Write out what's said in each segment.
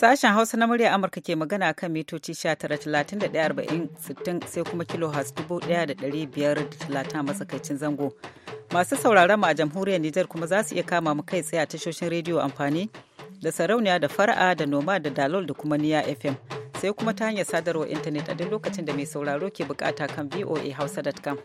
Sashen Hausa na murya Amurka ke magana kan mitoci 19-31-60 sai kuma kilohas 1,530 matsakaicin zango. Masu sauraron mu a jamhuriyar Nijar kuma za su iya kama mu kai tsaye a tashoshin rediyo amfani da sarauniya da fara'a da noma da dalol da kuma niya FM. Sai kuma ta hanyar sadarwa intanet a duk lokacin da mai sauraro ke bukata kan voahausa.com.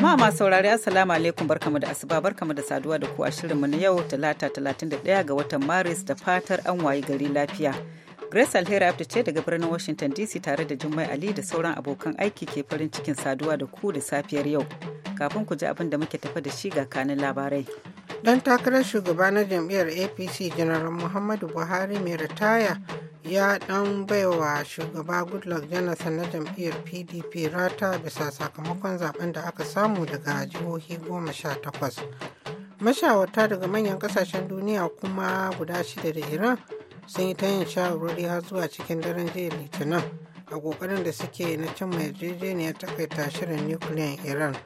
Jama'a masu saurari Assalamu alaikum barkamu da asuba barkamu da saduwa da ku a mu na yau Talata 31 ga watan Maris da fatar an wayi gari lafiya. Grace Alheri abdul ce daga birnin Washington DC tare da Jummai Ali da sauran abokan aiki ke farin cikin saduwa da ku da safiyar yau. Kafin ku ji abin da muke tafa da shi ga kanin labarai. Dan takarar shugaba na jam'iyyar APC Janar Muhammadu Buhari mai ritaya ya dan baiwa shugaba goodluck jonathan na jam'iyyar pdp rata bisa sakamakon zaben da aka samu daga jihohi goma sha takwas mashawarta daga manyan kasashen duniya kuma guda shida da iran sun yi ta yin shawarwari har zuwa cikin daren jiya litinin a kokarin da suke na cimma yarjejeniyar takaita shirin nukiliyan iran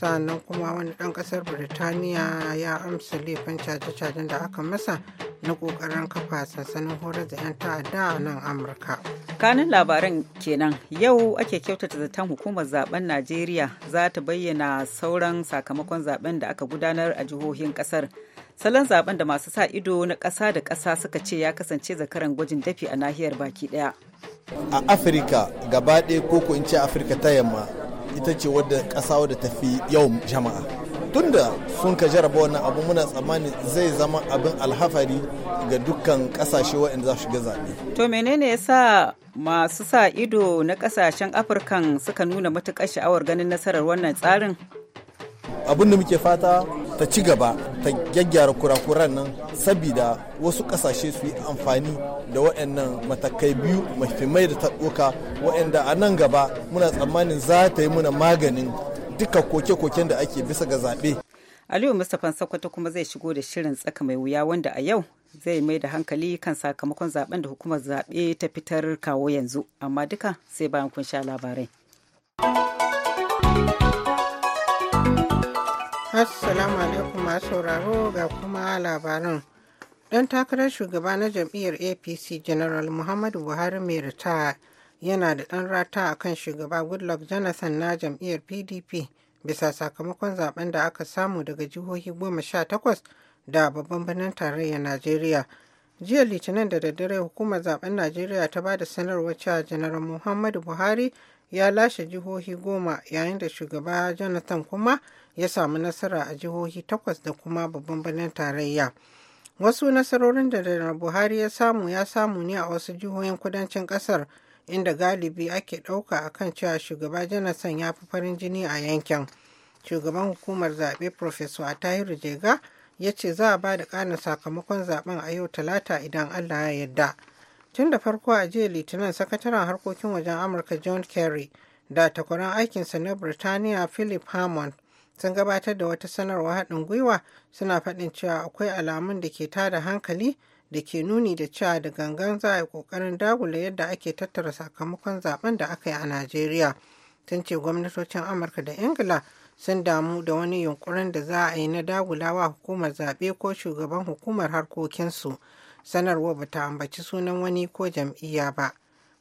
sannan kuma wani dan kasar birtaniya ya amsa laifin caje-cajen da aka masa na kokarin kafa sansanin horar da 'yan ta'adda a nan amurka kanin labaran kenan yau ake kyautata zaton hukumar zaben najeriya za ta bayyana sauran sakamakon zaben da aka gudanar a jihohin ƙasar salon zaben da masu sa ido na ƙasa da ƙasa suka ce ya kasance zakaran gwajin dafi a nahiyar baki ɗaya a afirka gaba ɗaya ko in ce afirka ta yamma ita ce wadda ƙasa wadda ta fi yau jama'a tunda sun ka jaraba wannan abu muna tsammani zai zama abin alhafari ga dukkan ƙasashe waɗanda za su shiga zaɓe. to menene ya sa masu sa ido na ƙasashen afirkan suka nuna matuƙar sha'awar ganin nasarar wannan tsarin abin da muke fata ta ci gaba ta gyaggyara kurakuran nan sabida wasu kasashe su yi amfani da waɗannan matakai biyu mai da ta waɗanda a nan gaba muna tsammanin za ta yi muna maganin duka koke-koken da ake bisa ga zaɓe. Aliyu Mustapha Sokoto kuma zai shigo da shirin tsaka mai wuya wanda a yau zai mai da hankali kan sakamakon zaɓen da hukumar zaɓe ta fitar kawo yanzu amma duka sai bayan kun sha labarai. Assalamu alaikum masu sauraro ga kuma labaran. Ɗan takarar shugaba na jam'iyyar APC General Muhammadu Buhari mai ritaya yana da ɗan rata a kan shugaba Goodluck Jonathan na jam'iyyar PDP bisa sakamakon zaben da aka samu daga jihohi goma sha takwas da babban birnin tarayyar Najeriya jiya litinin da daddare hukumar zaben najeriya ta ba da sanarwar cewa janar muhammadu buhari ya lashe jihohi goma yayin da shugaba jonathan kuma ya samu nasara a jihohi takwas da kuma babban birnin tarayya wasu nasarorin da janar buhari ya samu ya samu ne a wasu jihohin kudancin kasar inda galibi ake ɗauka a kan cewa shugaba jonathan ya fi farin jini a yankin shugaban hukumar zaɓe professor tahiru jega ya ce za a ba da ƙarin sakamakon zaben a yau talata idan allah ya yarda tun da farko a jiya litinin sakataren harkokin wajen amurka john kerry da takwaran aikinsa na birtaniya philip hammond sun gabatar da wata sanarwa haɗin gwiwa suna faɗin cewa akwai alamun da ke tada hankali da ke nuni da cewa da gangan za a yi ƙoƙarin dagula yadda ake tattara sakamakon zaben da aka yi a najeriya tun ce gwamnatocin amurka da ingila sun damu da wani yunkurin da za a yi na dagulawa hukumar zaɓe ko shugaban hukumar harkokinsu sanarwa ba ta ambaci sunan wani ko jam'iyya ba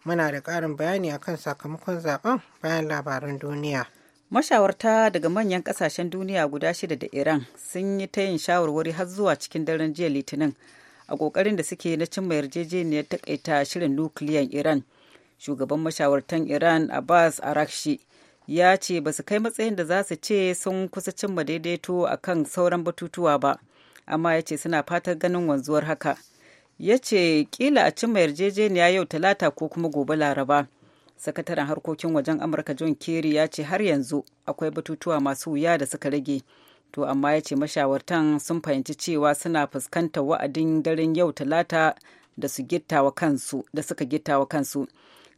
muna da ƙarin bayani a kan sakamakon zaben bayan labaran duniya mashawarta daga manyan ƙasashen duniya guda shida da iran sun yi ta yin shawarwari har zuwa cikin daren jiya litinin a ƙoƙarin da suke na cimma yarjejeniyar takaita shirin nukiliyan iran shugaban mashawartan iran abbas arakshi ya ce ba su kai matsayin da za su ce sun kusa cimma daidaito a kan sauran batutuwa ba amma ya ce suna fatan ganin wanzuwar haka ya ce kila a cimma yarjejeniya yau talata ko kuma gobe laraba sakataren harkokin wajen amurka john kerry ya ce har yanzu akwai batutuwa masu wuya da suka rage to amma ya ce mashawartan sun fahimci cewa suna fuskantar wa'adin daren yau talata da suka gittawa kansu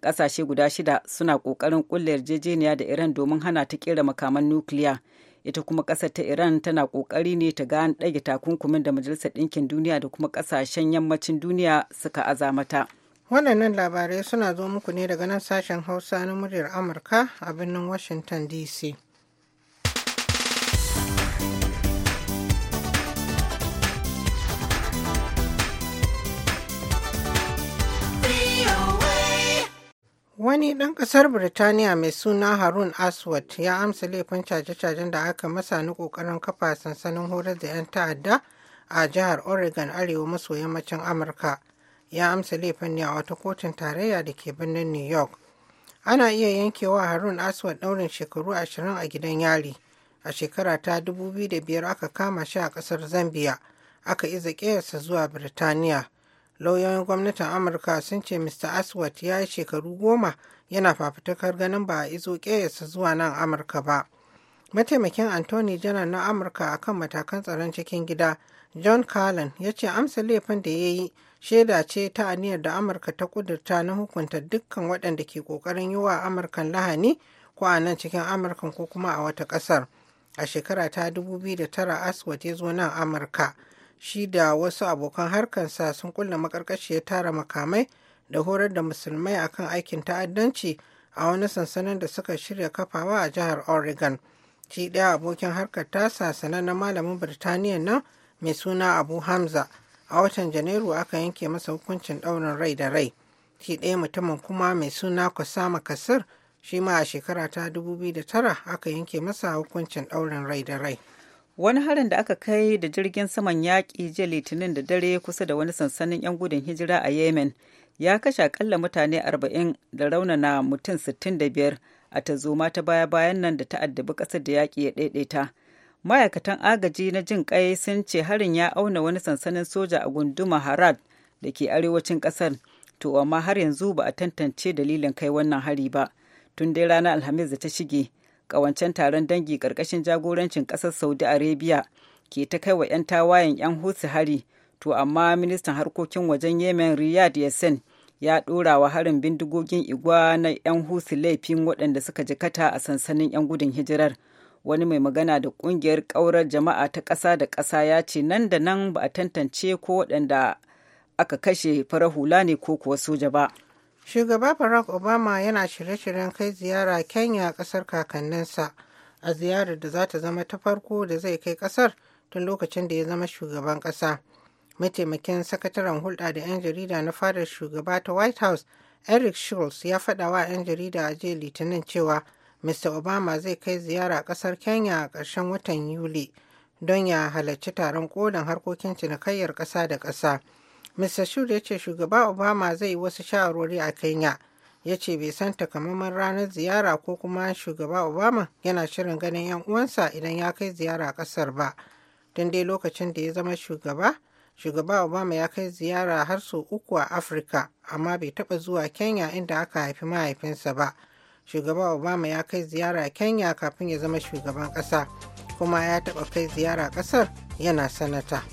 kasashe guda shida suna kokarin kulle yarjejeniya da Iran domin hana ta kera makaman nukiliya. Ita kuma ƙasar ta Iran tana kokari ne ta gane ɗage takunkumin da Majalisar Ɗinkin Duniya da kuma kasashen yammacin duniya suka aza mata. Waɗannan labarai suna zo muku ne daga nan sashen Hausa na muryar Amurka a birnin Washington DC. Wani ɗan ƙasar Birtaniya mai suna Harun Aswad ya amsa laifin caje-cajen da aka masa na ƙoƙarin kafa sansanin horar da 'yan ta'adda a jihar Oregon arewa maso yammacin Amurka. Ya amsa laifin ne a wata kotun tarayya da ke birnin New York. Ana iya yankewa Harun Aswad ɗaurin shekaru ashirin a gidan yari. A shekara ta dubu biyu da biyar aka kama shi a ƙasar Zambia, Aka iza ƙeyarsa zuwa Birtaniya. lauyoyin gwamnatin amurka sun ce mr aswat ya yi shekaru goma yana fafutukar ganin ba a izo ƙeyasa zuwa nan amurka ba mataimakin anthony janar na amurka a kan matakan tsaron cikin gida john carlin ya ce amsa laifin da ya yi shaida ce ta aniyar da amurka ta kudurta na hukunta dukkan waɗanda ke ƙoƙarin yi wa amurkan lahani ko a nan cikin amurkan ko kuma a wata ƙasar a shekara ta 2009 aswat ya zo nan amurka shi da wasu abokan harkarsa sun kulla makarkashiyar tara makamai da horar da musulmai akan aikin ta'addanci a wani sansanin da suka shirya kafawa a jihar oregon shi ɗaya abokin harkar tasa sanannen malamin birtaniya nan mai suna abu hamza a watan janairu aka yanke masa hukuncin ɗaurin rai da rai shi ɗaya mutumin kuma mai suna kusama kasir shi ma a shekara ta 2009 aka yanke masa hukuncin ɗaurin rai da rai wani harin da aka kai da jirgin saman yaƙi jiya litinin da dare kusa da wani sansanin 'yan gudun hijira a yemen ya kashe akalla mutane arba'in da raunana mutum 65 a tazoma ta baya-bayan nan da ta'addabi ƙasar da yaƙi ya ɗaiɗaita ma'aikatan agaji na jin ƙai sun ce harin ya auna wani sansanin soja a gunduma harad da ke arewacin ƙasar to amma har yanzu ba a tantance dalilin kai wannan hari ba tun dai ranar alhamis da ta shige kawancen taron dangi ƙarƙashin jagorancin ƙasar saudi arabia ke ta kai wa 'yan tawayen 'yan hutu hari to amma ministan harkokin wajen yemen riyad yasin ya dora wa harin bindigogin igwa na 'yan hutu laifin waɗanda suka jikata a sansanin 'yan gudun hijirar wani mai magana da kungiyar kaurar jama'a ta ƙasa da ƙasa ya ce nan da nan ba a tantance ko waɗanda aka kashe farar hula ne ko kuwa soja ba Shugaba Barack Obama yana shirye-shiryen kai ziyara Kenya kasar kakanninsa a ziyarar da za ta zama ta farko da zai kai kasar tun lokacin da ya zama shugaban kasa. Mataimakin sakataren hulɗa da 'yan jarida na fadar shugaba ta White House, Eric Schultz ya faɗa wa 'yan jarida a jiya Litinin cewa Mr. Obama zai kai ziyara kasar Kenya a ƙarshen watan Yuli don ya halarci taron kolin harkokin cinikayyar ƙasa da ƙasa. Mr. Shur ya ce shugaba Obama zai yi wasu shawarwari a Kenya. Ya ce bai san takamaiman ranar ziyara ko kuma shugaba Obama yana shirin ganin 'yan uwansa idan ya kai ziyara a ƙasar ba. Don dai lokacin da ya zama shugaba, shugaba Obama ya kai ziyara har sau uku a Afirka, amma bai taɓa zuwa Kenya inda aka haifi mahaifinsa ba. Shugaba Obama ya kai ziyara Kenya kafin ya zama shugaban ƙasa, kuma ya taɓa kai ziyara ƙasar yana sanata.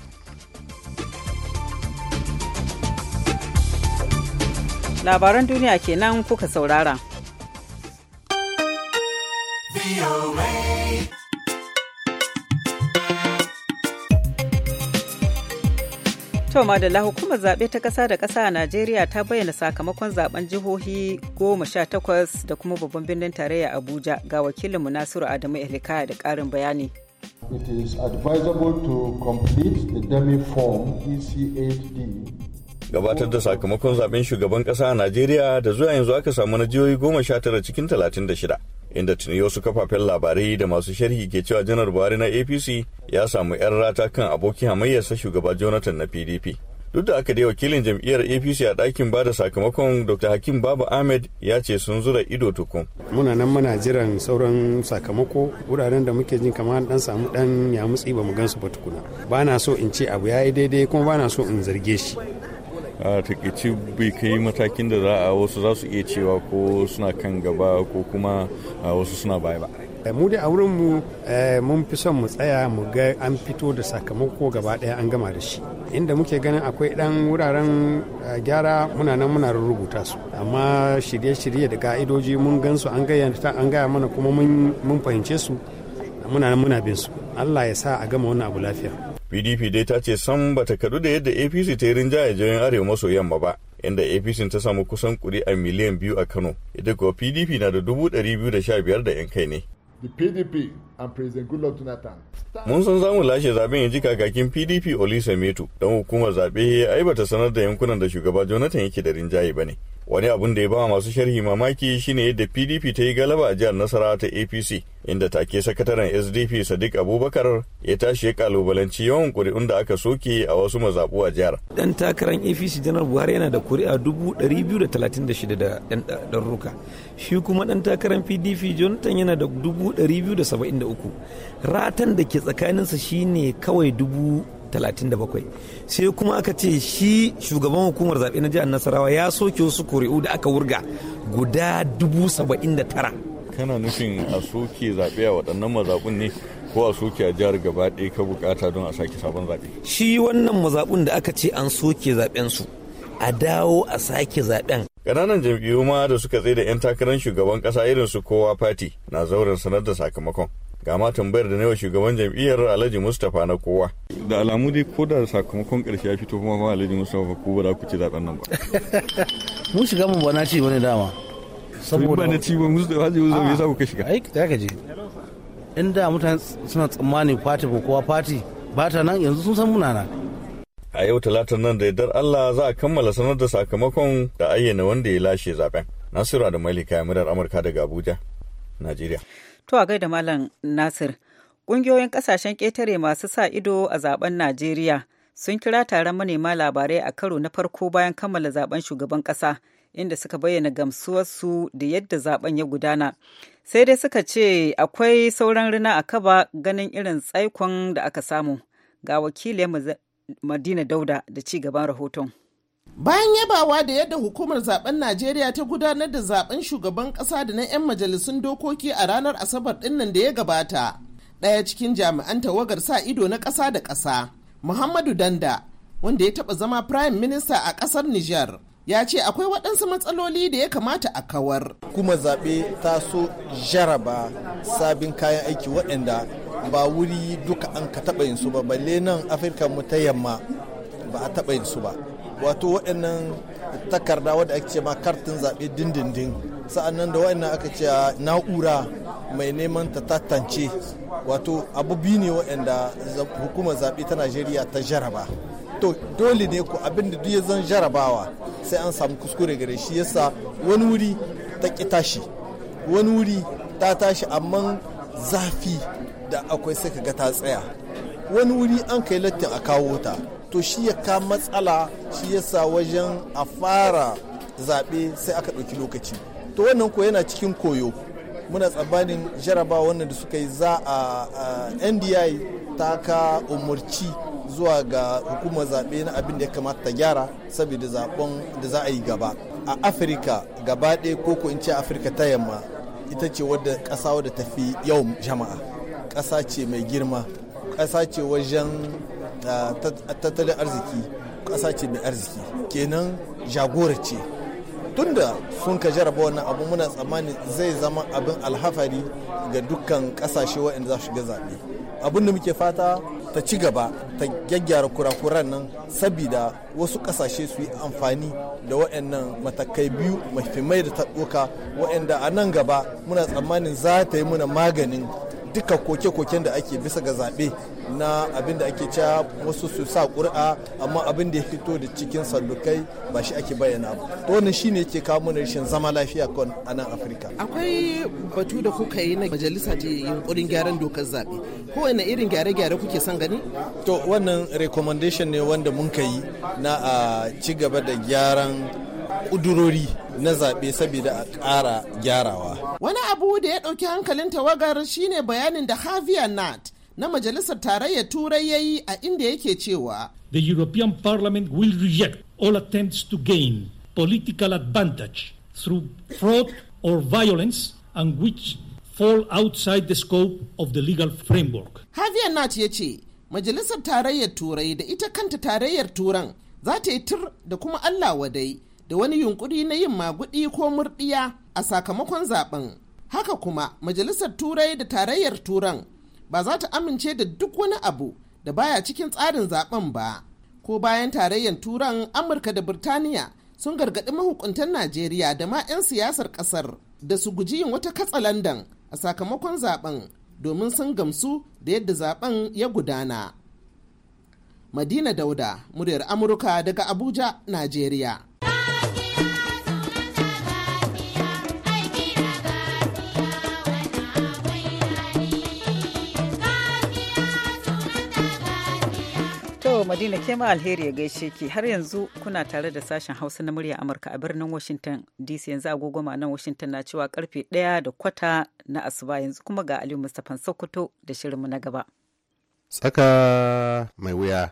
labaran duniya kenan kuka saurara. To da hukumar zaɓe ta ƙasa da ƙasa a Najeriya ta bayyana sakamakon zaben jihohi goma sha takwas da kuma babban birnin tarayya Abuja ga wakilinmu Nasiru Adamu Elikaya da ƙarin bayani. It is advisable to complete the dummy form ec gabatar da sakamakon zaben shugaban kasa a Najeriya da zuwa yanzu aka samu na jihohi goma sha tara cikin talatin da shida. Inda tuni wasu kafafen labarai da masu sharhi ke cewa janar Buhari na APC ya samu 'yan rata kan abokin hamayyarsa shugaba Jonathan na PDP. Duk da aka dai wakilin jam'iyyar APC a ɗakin ba da sakamakon Dr. Hakim Babu Ahmed ya ce sun zura ido tukun. Muna nan muna jiran sauran sakamako wuraren da muke jin kamar dan samu dan ya mutsi ba mu gansu ba tukuna. Ba na so in ce abu ya yi daidai kuma ba na so in zarge shi. a takaici bai kai matakin da za a wasu za su iya cewa ko suna kan gaba ko kuma wasu suna baya ba eh, mu da a wurin mu eh, mun fi son mu tsaya mu ga an fito da sakamako gaba ɗaya an gama da shi inda muke ganin akwai ɗan wuraren eh, gyara muna nan muna rubuta su amma shirye-shirye da ka'idoji mun gan su an gaya mana kuma mun fahimce su muna nan muna bin su allah ya sa a gama wannan abu lafiya pdp dai ta ce san bata kadu da yadda apc ta yi rinjaye jihohin arewa maso yamma ba inda apc ta samu kusan a miliyan biyu a kano ita kuwa pdp na da dubu ɗari biyu da sha biyar da yan kai ne the PDP and President Goodluck Jonathan. Mun san zamu lashe zaben yanzu kakakin PDP Olisa Metu don hukumar zaɓe ya aibata sanar da yankunan da shugaba Jonathan yake da rinjaye ba ne. wani abun da ya ba masu sharhi mamaki shine yadda pdp ta yi galaba a jihar nasara ta apc inda take sakataren sdp sadiq abubakar ya tashi ya kalubalanci yawan kuri'un da aka soke a wasu mazaɓu a jihar dan takarar apc janar buhari yana da kuri'a dubu ɗari da talatin da ɗarruka shi kuma dan takarar pdp jonathan yana da dubu ɗari ratan da ke tsakaninsa shine kawai dubu 37 sai kuma aka ce shi shugaban hukumar zaɓe na jihar nasarawa ya soke wasu kuri'u da aka wurga guda 79 kana nufin a soke zaɓe a waɗannan mazaɓun ne ko a soke a jihar gaba ɗaya ka bukata don a sake sabon zaɓe shi wannan mazaɓun da aka ce an soke zaɓensu a dawo a sake zaɓen ƙananan jam'iyyu ma da suka tsaye da 'yan takarar shugaban ƙasa irin su kowa fati na zauren sanar da sakamakon Kama tambayar da na yau shugaban jam'iyyar Alhaji Mustapha na kowa. Da alamu dai ko da sakamakon ƙarshe ya fito kuma ma Alhaji Mustapha ko ba za ku ci zaɓen nan ba. Mu shiga mu ba na ci bane dama. Saboda ba na ci ba da Alhaji Mustapha ya sa ku ka shiga. Ai za ka je. Inda mutane suna tsammani fati ko kowa fati ba ta nan yanzu sun san muna nan. a yau talatar nan da yardar Allah za a kammala sanar da sakamakon da ayyana wanda ya lashe zaben. Nasiru da Malika murar Amurka daga Abuja, Najeriya. To a gaida Malam Nasir, ƙungiyoyin ƙasashen ƙetare masu sa ido a zaben Najeriya sun kira taron manema labarai a karo na farko bayan kammala zaben shugaban ƙasa. inda suka bayyana gamsuwarsu da yadda zaben ya gudana sai dai suka ce akwai sauran rina a kaba ganin irin tsaikon da aka samu ga wakilin madina dauda da ci gaban rahoton bayan yabawa da yadda hukumar zaben najeriya ta gudanar da zaben shugaban kasa da na 'yan majalisun dokoki a ranar asabar dinnan da ya gabata ɗaya cikin jami'an tawagar sa ido na ƙasa da ƙasa muhammadu danda wanda ya taɓa zama prime minister a ƙasar niger ya ce akwai waɗansu matsaloli da ya kamata a kawar. kuma zaɓe ta so jaraba sabin kayan aiki waɗanda ba wuri duka an ka taɓa yin su ba balle nan afirka mu ta yamma ba a taɓa yin su ba wato waɗannan takarda wadda ake ce ma kartin zaɓe dindindin sa'an nan da waɗannan aka ce na'ura mai neman ta tantance wato abu biyu ne waɗanda hukumar zaɓe ta najeriya ta jaraba to dole ne ku abin da duk ya zan jarabawa sai an samu kuskure gare shi yasa wani wuri ta ƙi tashi wani wuri ta tashi amma zafi da akwai sai ka ga ta tsaya wani wuri an kai lattin a kawo ta to shi ya ka matsala shi ya sa wajen a fara zaɓe sai aka ɗauki lokaci to wannan ko yana cikin koyo muna tsabanin jaraba wannan da suka yi za a ndi ta ka umarci zuwa ga hukumar zaɓe na abin da ya kamata ta gyara saboda zaɓen da za a yi gaba a afirka gaba ɗaya ko ko in ce afirka ta yamma ita ce wadda ƙasa wadda ta fi jama'a ƙasa ce mai girma ƙasa ce wajen tattalin arziki ƙasa ce mai arziki kenan jagora tunda sun ka jaraba wannan abu muna tsammani zai zama abin alhafari ga dukkan ƙasashe waɗanda za su ga zaɓe abin da muke fata ta ci gaba ta gyaggyara kurakuran nan sabida wasu ƙasashe su yi amfani da waɗannan matakai biyu mafi mai da ta ɗoka waɗanda a nan gaba muna tsammanin za ta yi muna maganin duka koke-koken da ake bisa ga zaɓe na abin da ake cewa wasu su sa ƙuri'a amma abin da ya fito da cikin sallukai ba shi ake bayyana ba to wannan shine yake kawo mana rashin zama lafiya kan a nan afirka akwai batu da kuka yi na majalisa ta yunkurin gyaran dokar zaɓe ko wani irin gyare-gyare kuke son gani to wannan recommendation ne wanda mun ka yi na a ci gaba da gyaran ƙudurori na zaɓe saboda a ƙara gyarawa. Wani abu da ya ɗauki hankalin tawagar shine bayanin da Javier Nat na Majalisar Tarayyar Turai ya yi a inda yake cewa. The European Parliament will reject all attempts to gain political advantage through fraud or violence and which fall outside the scope of the legal framework. Javier Nat ya ce, Majalisar Tarayyar Turai da ita kanta Tarayyar Turan za ta yi tur da kuma Allah wadai da wani yunkuri na yin magudi ko murdiya a sakamakon zaben haka kuma majalisar turai da tarayyar turan ba za ta amince da duk wani abu da baya cikin tsarin zaben ba ko bayan tarayyar turan amurka da birtaniya sun gargaɗi mahukuntan najeriya da ma 'yan siyasar ƙasar da su guji yin wata katsa Landan a sakamakon zaben domin sun gamsu da yadda zaben ya gudana madina dauda muryar amurka daga abuja najeriya madina ke ma alheri ya gaishe ki har yanzu kuna tare da sashen hausa na murya amurka a birnin washington dc yanzu agogo nan washington na cewa karfe daya da kwata na asuba yanzu kuma ga aliyu mustapha sokoto da shirinmu na gaba tsaka mai wuya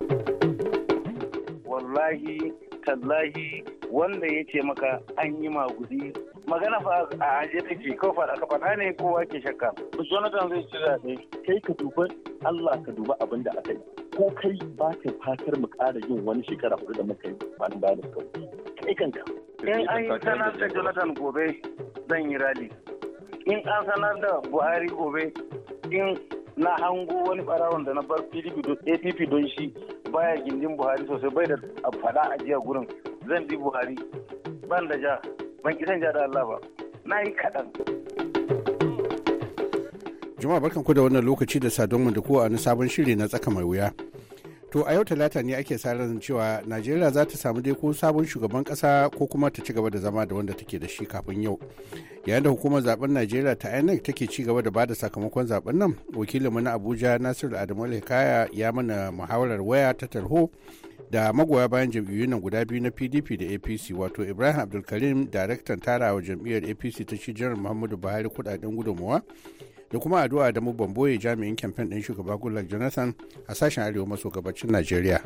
wallahi tallahi wanda ya ce maka an yi magudi magana fa a aje take ko fa aka na ne kowa ke shakka jonathan zai ci zaɓe kai ka duba allah ka duba abin da aka yi ko kai ba ka fatar mu ƙara yin wani shekara hudu da muka yi ba da ka wuce kai kanka. in an yi sanar da jonathan gobe zan yi rali in an sanar da buhari gobe in na hango wani barawon da na bar pdp don app don shi baya gindin buhari sosai bai da fada a jiya gurin zan bi buhari ban da ja ban kisan ja da allah ba na yi kaɗan. Jama'a barkan ku da wannan lokaci da sadon da kowa na sabon shiri na tsaka mai wuya. To a yau talata ne ake sa ran cewa Najeriya za ta samu dai ko sabon shugaban kasa ko kuma ta ci gaba da zama da wanda take da shi kafin yau. Yayin da hukumar zaben Najeriya ta INEC take ci gaba da bada sakamakon zaben nan, wakilinmu na Abuja Nasiru Adamu Kaya ya mana muhawarar waya ta tarho da magoya bayan jam'iyyu nan guda biyu na pdp da apc wato ibrahim abdulkarim daraktan tarawa jam'iyyar apc ta shi jiran muhammadu buhari kudaden gudunmawa da kuma addu'a da mu bamboye jami'in kamfen ɗin shugaba Goodluck Jonathan a sashen arewa maso gabacin Najeriya.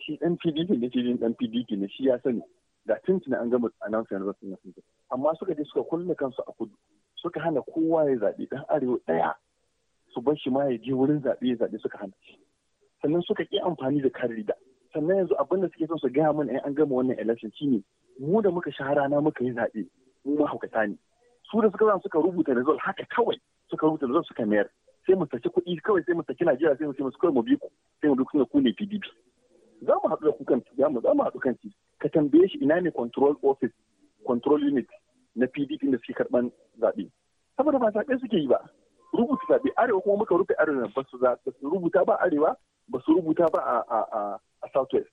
Shi ɗan PDP ne shi ɗan PDP ne shi ya sani da tuntuna an gama announcement na sun amma suka je suka kulle kansu a kudu suka hana kowa ya zaɓi ɗan arewa ɗaya su bar shi ma ya je wurin zaɓe ya zaɓe suka hana shi sannan suka ƙi amfani da da sannan yanzu abin da suke son su gaya mana an gama wannan election ne mu da muka sha rana muka yi zaɓe mu mahaukata ne su da suka zan suka rubuta result haka kawai suka rubuta da suka mayar sai mu saki kuɗi kawai sai mu saki Najeriya sai mu sai mu kawai mu bi ku sai mu bi kuma ne ku ne PDP za mu haɗu da ku kan za mu za mu haɗu kan ci ka tambaye shi ina ne control office control unit na PDP da suke karɓan zaɓe saboda ba zaɓe suke yi ba rubuta zaɓe arewa kuma muka rufe arewa ba su rubuta ba arewa ba su rubuta ba a a a southwest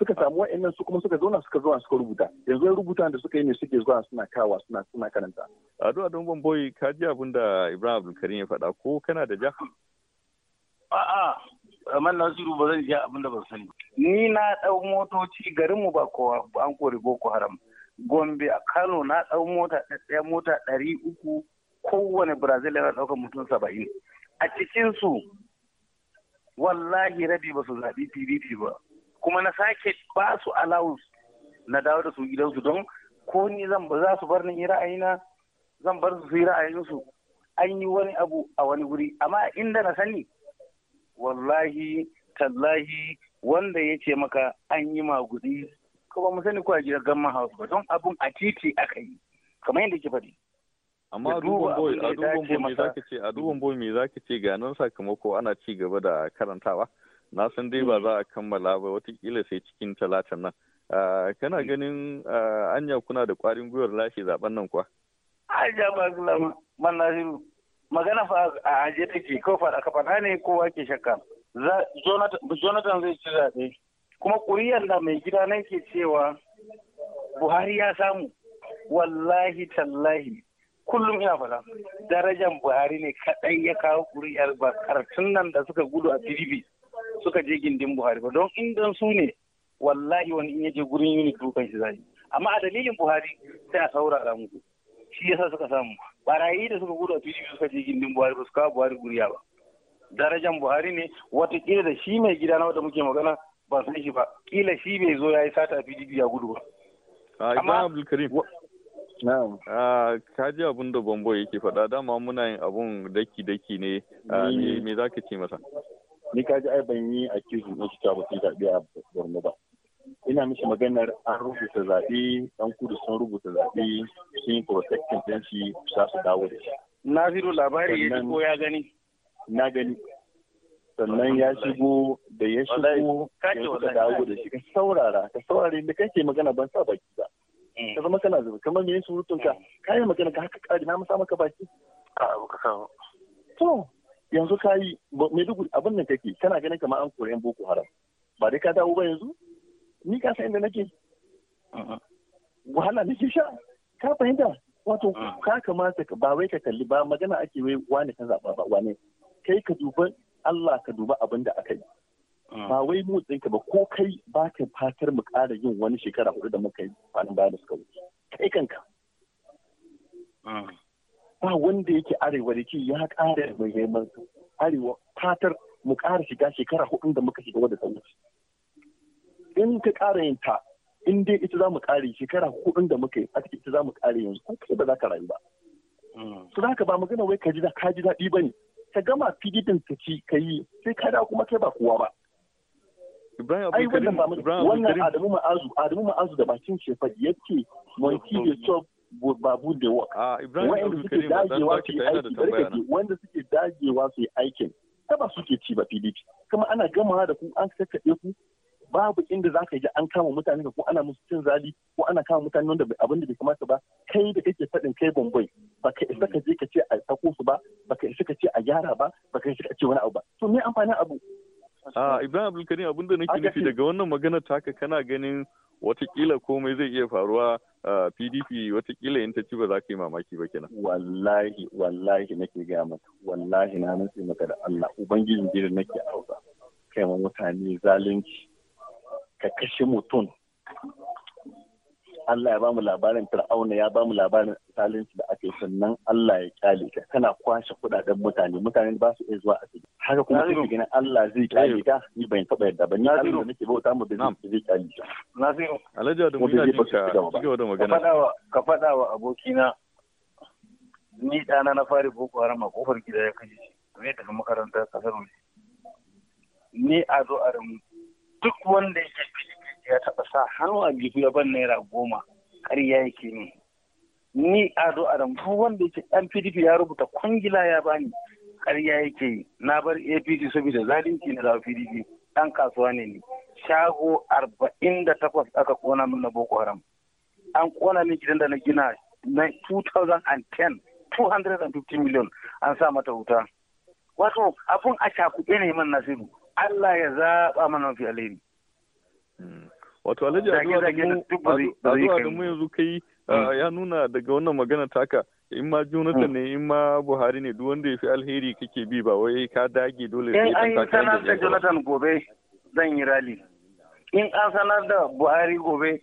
suka samu wa'annan su kuma suka zauna suka zauna suka rubuta yanzu ya rubuta da suka yi ne suke zuwa suna kawa suna suna karanta addu'a don bamboyi ka ji abin da Ibrahim Abdulkarim ya faɗa ko kana da ja a'a man nasiru ba zan ji abin da ban sani ni na dau motoci garin mu ba kowa an kori boko haram gombe a kano na dau mota ɗaya mota ɗari uku kowane brazil yana ɗaukar mutum saba'in a cikinsu wallahi rabi ba su zaɓi pdp ba kuma na sake ba su allowance na dawo da su gidansu don ko ni zan za su bar ni ra'ayina zan bar su yi ra'ayinsu an yi wani abu a wani guri amma inda na sani wallahi tallahi wanda ya ce maka an yi magudi ko ba mu sani ko a gidan gamma house ba don abun a titi aka yi kamar yadda ke faɗi amma a duban boy a duban boy me zaka ce a duban boy me zaka ce ga nan sakamako ana ci gaba da karantawa na san dai ba za a kammala ba watakila sai cikin talatin nan ah, kana ganin ah, anya kuna da kwarin gwiwar lashe zaben nan kuwa aja ba gulama man nasiru magana fa a aje take ko fa aka faɗa ne kowa ke shakka jonathan zai ci zaɓe kuma ƙuriyar da mai gida nan ke cewa buhari ya samu wallahi tallahi kullum ina faɗa darajar buhari ne kaɗai ya kawo ƙuri'ar ba tun nan da suka gudu a pdp suka je gindin Buhari ba don indan su ne wallahi wani in yaje gurin yini dukan shi zai amma a dalilin Buhari sai a saurara muku shi yasa suka samu barayi da suka gudu a PDP suka je gindin Buhari ba su kawo Buhari guriya ba darajan Buhari ne watakila da shi mai gida na wanda muke magana ba san shi ba kila shi bai zo ya yi sata a PDP ya gudu ba amma Abdulkarim ka ji abin da bambo yake faɗa dama muna yin abun daki-daki ne me za ka ce masa ni kaji ai ban yi a kizu na cewa ba zaɓe a borno ba ina mishi maganar an rubuta zaɓe ɗan kudu sun rubuta zaɓe sun yi protectin ɗin shi sa su dawo da shi. Naziru labari ya ko ya gani? Na gani. Sannan ya shigo da ya shigo ya suka dawo da shi. Ka saurara, ka saurare da kake magana ban sa baki ba. Mm. Ka zama kana zuba kamar me surutun ka, mm. ka yi magana ka haka ƙari na musa maka baki. A ka To, yanzu ka yi duk abin da kake kana ganin kamar an kore boko haram ba dai ka dawo ba yanzu ni ka san inda nake wahala nake sha ka fahimta wato ka kamata ba wai ka kalli ba magana ake wai wani kan zaba ba wani kai ka duba Allah ka duba abin da aka yi ba wai mu ka ba ko kai ba ka fatar mu ƙara yin wani shekara hudu da muka yi kwanan baya da suka wuce kai kanka ba wanda yake arewa da ke ya ƙara muhimman arewa fatar mu kara shiga shekara hudun da muka shiga wadda ta in ka kara yin ta in dai ita za mu kare shekara hudun da muka yi a cikin ita za mu kare yanzu ko kai ba za ka rayu ba su za ka ba magana wai ka ji ka ji daɗi ba ne ka gama fididin ta ci ka yi sai ka da kuma kai ba kowa ba ai wannan ba wannan Adamu Ma'azu Adamu Ma'azu da bakin shi yake yace Monty ba bude wa ah, wanda suke dagewa su yi aiki wanda suke dagewa su yi aikin ta ba suke ci ba pdp kuma ana gamawa da ku an kakkaɓe ku babu inda za ka ji an kama mutane ko ana musu cin zali ko ana kama mutane wanda abin da bai kamata ba kai da kake faɗin kai bombay ba ka isa ka je ka ce a sako su ba ba ka isa ka ce a gyara ba ba ka isa ka ce wani abu ba to me amfanin abu Ah, ibrahim abdulkarim abinda da nake nufi daga wannan magana haka kana ganin watakila komai zai iya faruwa a pdp watakila in ta ci ba za ka yi mamaki ba kenan wallahi wallahi nake gaya mata wallahi na nufi maka da allah ubangijin da nake auza kai ma mutane zalunci ka kashe mutum Allah ya ba mu labarin Fir'auna ya ba mu labarin zalunci da ake sannan Allah ya kyale ka kana kwashe kudaden mutane mutane ba su iya zuwa asibiti haka kuma kake ganin Allah zai kyale ka ni ban taba yadda ba ni Allah nake bauta mu da zai kyale ka Nasiru Alhaji Adamu ina jin ka cigaba da magana ka faɗa wa abokina ni ɗana na fari boko haram a kofar gida ya kaji shi ne daga makarantar kasar ni a zo a duk wanda yake fili ya taɓa sa hannu a gifu ya ban naira goma ya yake min ni ado adam duk wanda yake ɗan pdp ya rubuta kwangila ya bani ya yake yi na bar apc saboda zalunci na dawo pdp ɗan kasuwa ne ni shago arba'in da takwas aka kona min na boko haram an kona min gidan da na gina na 2010 250 million an sa mata wuta wato abun a shakuɗe ne man nasiru Allah ya zaɓa mana mafi alheri. Hmm. wato alhaji addu'a da mu yanzu kai hmm. ah, ya nuna daga wannan magana taka in ma junata hmm. ne in ma buhari ne duk wanda ya fi alheri kake bi ba wai ka dage dole sai an sanar da jonathan gobe zan yi rali in an sanar da buhari gobe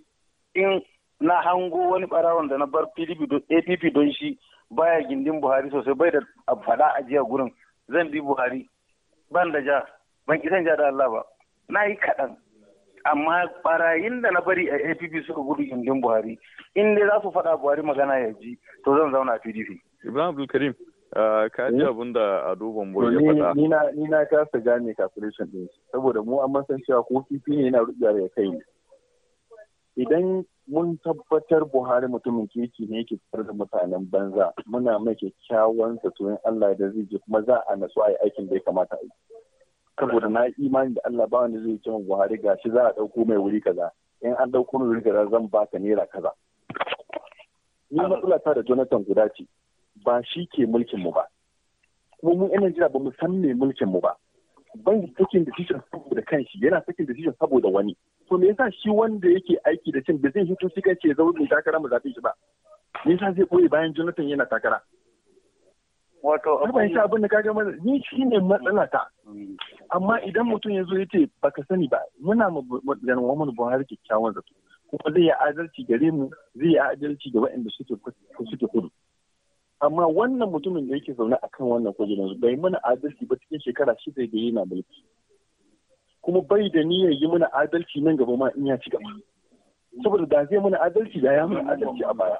in na hango wani barawon da na bar pdp don app don shi baya gindin buhari sosai bai da faɗa a jiya gurin zan bi buhari ban da ja ban kisan ja da allah ba na yi kaɗan amma barayin da na bari a APP suka gudu indin Buhari inda za su faɗa Buhari magana ya ji to zan zauna a PDP. Ibrahim Abdulkarim ka ji eh? abin da a duban ya faɗa. Ni na kasa gane calculation ɗin saboda mu amma san cewa ko kifi ne yana rubuta da kai Idan mun tabbatar Buhari mutumin kirki ne yake fitar da mutanen banza muna mai kyakkyawan zato Allah da zai je kuma za a natsu a yi aikin da ya kamata a yi. saboda na imani da Allah ba wanda zai ce min Buhari gashi za a dauko mai wuri kaza in an dauko mai wuri kaza zan baka naira kaza ni matsala ta da Jonathan guda ce ba shi ke mulkin mu ba kuma mun ina jira ba mu san me mulkin mu ba ban sakin decision saboda kanshi yana sakin decision saboda wani to me yasa shi wanda yake aiki da cin ba zai hito shi kace zaune takara mu zabe shi ba me yasa zai boye bayan Jonathan yana takara wato abin shi abin da kaga mana ni shi ne matsalata. Mm. amma idan mutum ya zo ya ce baka sani ba muna wa mun Buhari kyakkyawan zato kuma zai yi adalci gare mu zai yi adalci ga waɗanda suke suke kudu amma wannan mutumin da yake zaune akan wannan kujerar bai mana adalci ba cikin shekara shida da yana mulki kuma bai da niyyar yi mana adalci nan gaba ma in ya ci gaba saboda da zai mana adalci da ya mana adalci a baya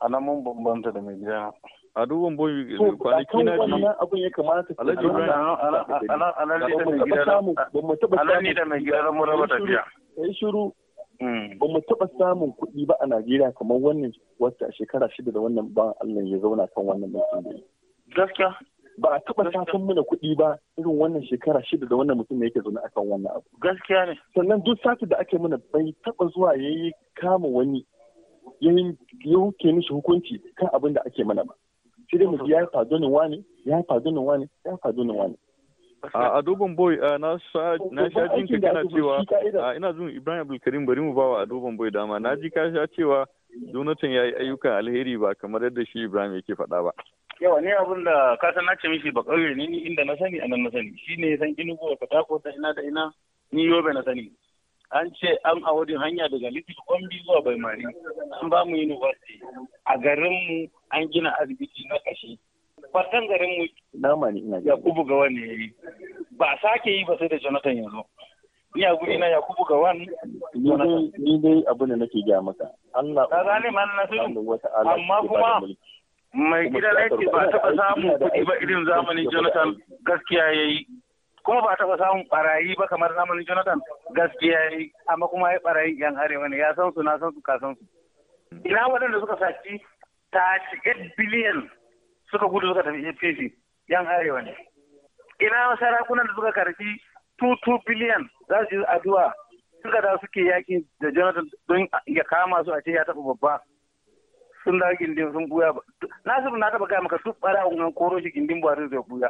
a nan mun bambanta da mai gida a duban boyi eh, kwanaki na biyu abin ya kamata alhaji ibrahim alhaji da mai gida mu raba tafiya kai shiru hmm. ba mu taɓa samun kuɗi ba a najeriya kamar wannan wata shekara shida da wannan ban allah ya zauna kan wannan mutum da gaskiya ba a taɓa safin mana kuɗi ba irin wannan shekara shida da wannan mutum da yake zaune akan wannan abu gaskiya ne sannan duk sati da ake mana bai taɓa zuwa yayi kama wani yayin yanke mishi hukunci kan abin da ake mana ba shi da mutum ya yi fadonin wani ya yi fadonin wani ya yi fadonin wani a adoban boy na sha jin ka kana cewa ina jin ibrahim abdulkarim bari mu bawa adoban boy dama na ji ka sha cewa jonathan ya yi ayyukan alheri ba kamar yadda shi ibrahim yake faɗa ba yawa ne abin da ka san ce mishi ba ƙauye ne ni inda na sani anan na sani shi ne san inugu da ko da ina da ina ni yobe na sani an ce an wajen hanya daga Little Gombe zuwa Baimari an ba mu university a garinmu an gina asibiti na ƙashi fatan garinmu dama ne ina Yakubu ga wani yi ba sake yi ba sai da Jonathan yanzu ni a guri na Yakubu ga wani ni dai abu da nake gya maka Allah ka ma na nasu amma kuma mai gidan aiki ba taɓa samun kuɗi ba irin zamanin Jonathan gaskiya ya yi. kuma ba taɓa samun barayi ba kamar zamanin jonathan gaskiya yi amma kuma ya barayi yan arewa ne ya san su na san su ka su ina waɗanda suka saci ta eight biliyan suka gudu suka tafi apc yan arewa ne ina sarakunan da suka karfi 2 biliyan za su yi addu'a suka da suke yaƙi da jonathan don ya kama su a ce ya taɓa babba sun da gindin sun buya ba nasiru na taɓa gaya maka su ɓarawun an koro shi gindin buhari zai buya.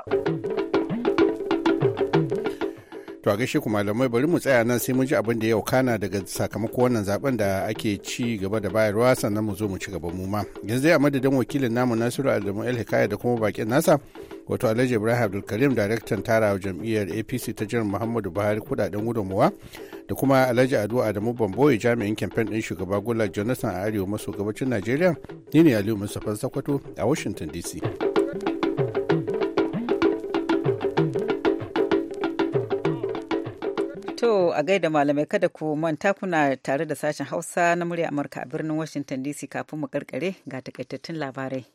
to a gaishe ku malamai bari mu tsaya nan sai mun ji abin da yau kana daga sakamako wannan zaben da ake ci gaba da bayarwa sannan mu zo mu ci gaba mu ma yanzu a madadin wakilin namu nasiru adamu el hikaya da kuma bakin nasa wato alhaji ibrahim abdulkarim daraktan tara jam'iyyar apc ta jihar muhammadu buhari kudaden gudunmuwa da kuma alhaji adu adamu bamboye jami'in kamfen din shugaba gola jonathan a arewa maso gabacin najeriya ni ne aliyu mustapha sakwato a washington dc To a gaida malamai kada ku manta kuna tare da sashen Hausa na murya Amurka a birnin Washington DC kafin mu karkare ga takaitattun labarai.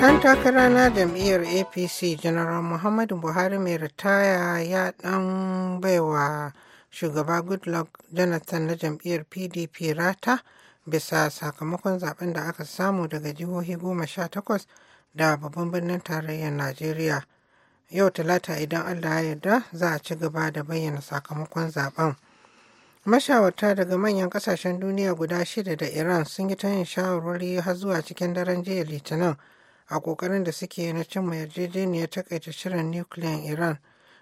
Ɗan takara na jam'iyyar APC General Muhammadu Buhari mai ritaya ya ɗan baiwa shugaba Goodluck Jonathan na jam'iyyar PDP rata bisa sakamakon zaben da aka samu daga jihohi goma sha takwas da babban birnin tarayyar Najeriya. Yau Talata idan Allah ya yarda za a ci gaba da bayyana sakamakon zaben. Mashawarta daga manyan kasashen duniya guda shida da Iran sun yi ta yin shawarwari har zuwa cikin daren jiya Litinin a kokarin da suke na cimma yarjejeniyar takaita shirin nukiliyan Iran.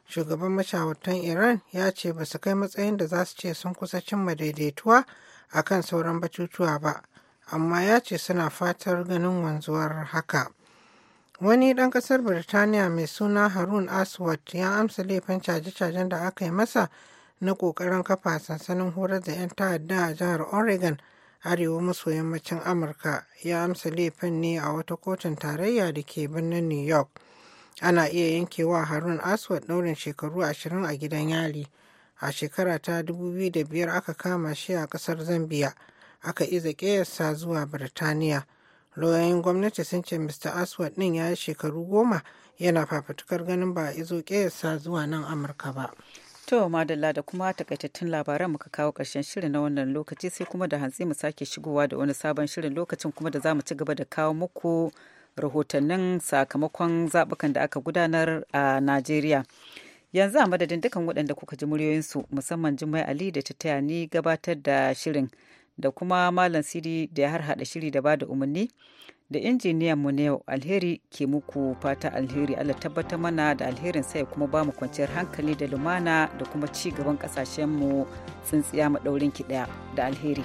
Shugaban mashawartan Iran ya ce ba su kai matsayin da za su ce sun kusa cimma daidaituwa a kan sauran batutuwa ba, amma ya ce suna fatar ganin wanzuwar haka. Wani ɗan ƙasar Birtaniya mai suna Harun aswat ya amsa laifin caje-cajen da aka yi masa na ƙoƙarin kafa sansanin horar da 'yan ta'adda a jihar Oregon, arewa maso yammacin Amurka, ya amsa laifin ne a wata kotun tarayya da ke birnin New York. Ana iya yankewa Harun Aswad ɗaurin shekaru ashirin a gidan yari. A shekara ta 2005 aka kama shi a ƙasar zambia aka iza ƙeyarsa zuwa Birtaniya. lauyoyin gwamnati sun ce mr aswad din ya yi shekaru goma yana fafatukar ganin ba a izo kesa zuwa nan amurka ba To madalla da kuma takaitattun labaran muka kawo karshen shirin na wannan lokaci sai kuma da hantsi mu sake shigowa da wani sabon shirin lokacin kuma da za mu ci gaba da kawo muku rahotannin sakamakon zaɓukan da aka gudanar a Najeriya. Yanzu a madadin dukan waɗanda kuka ji muryoyinsu musamman jimai Ali da ta taya ni gabatar da shirin. da kuma Malam Sidi da ya harhaɗa shiri da bada umarni da injiniyan mu na yau alheri ke muku fata alheri Allah tabbatar mana da alherin sai kuma ba mu kwanciyar hankali da lumana da kuma ci gaban kasashen mu tsintsiya madaurin ki da alheri.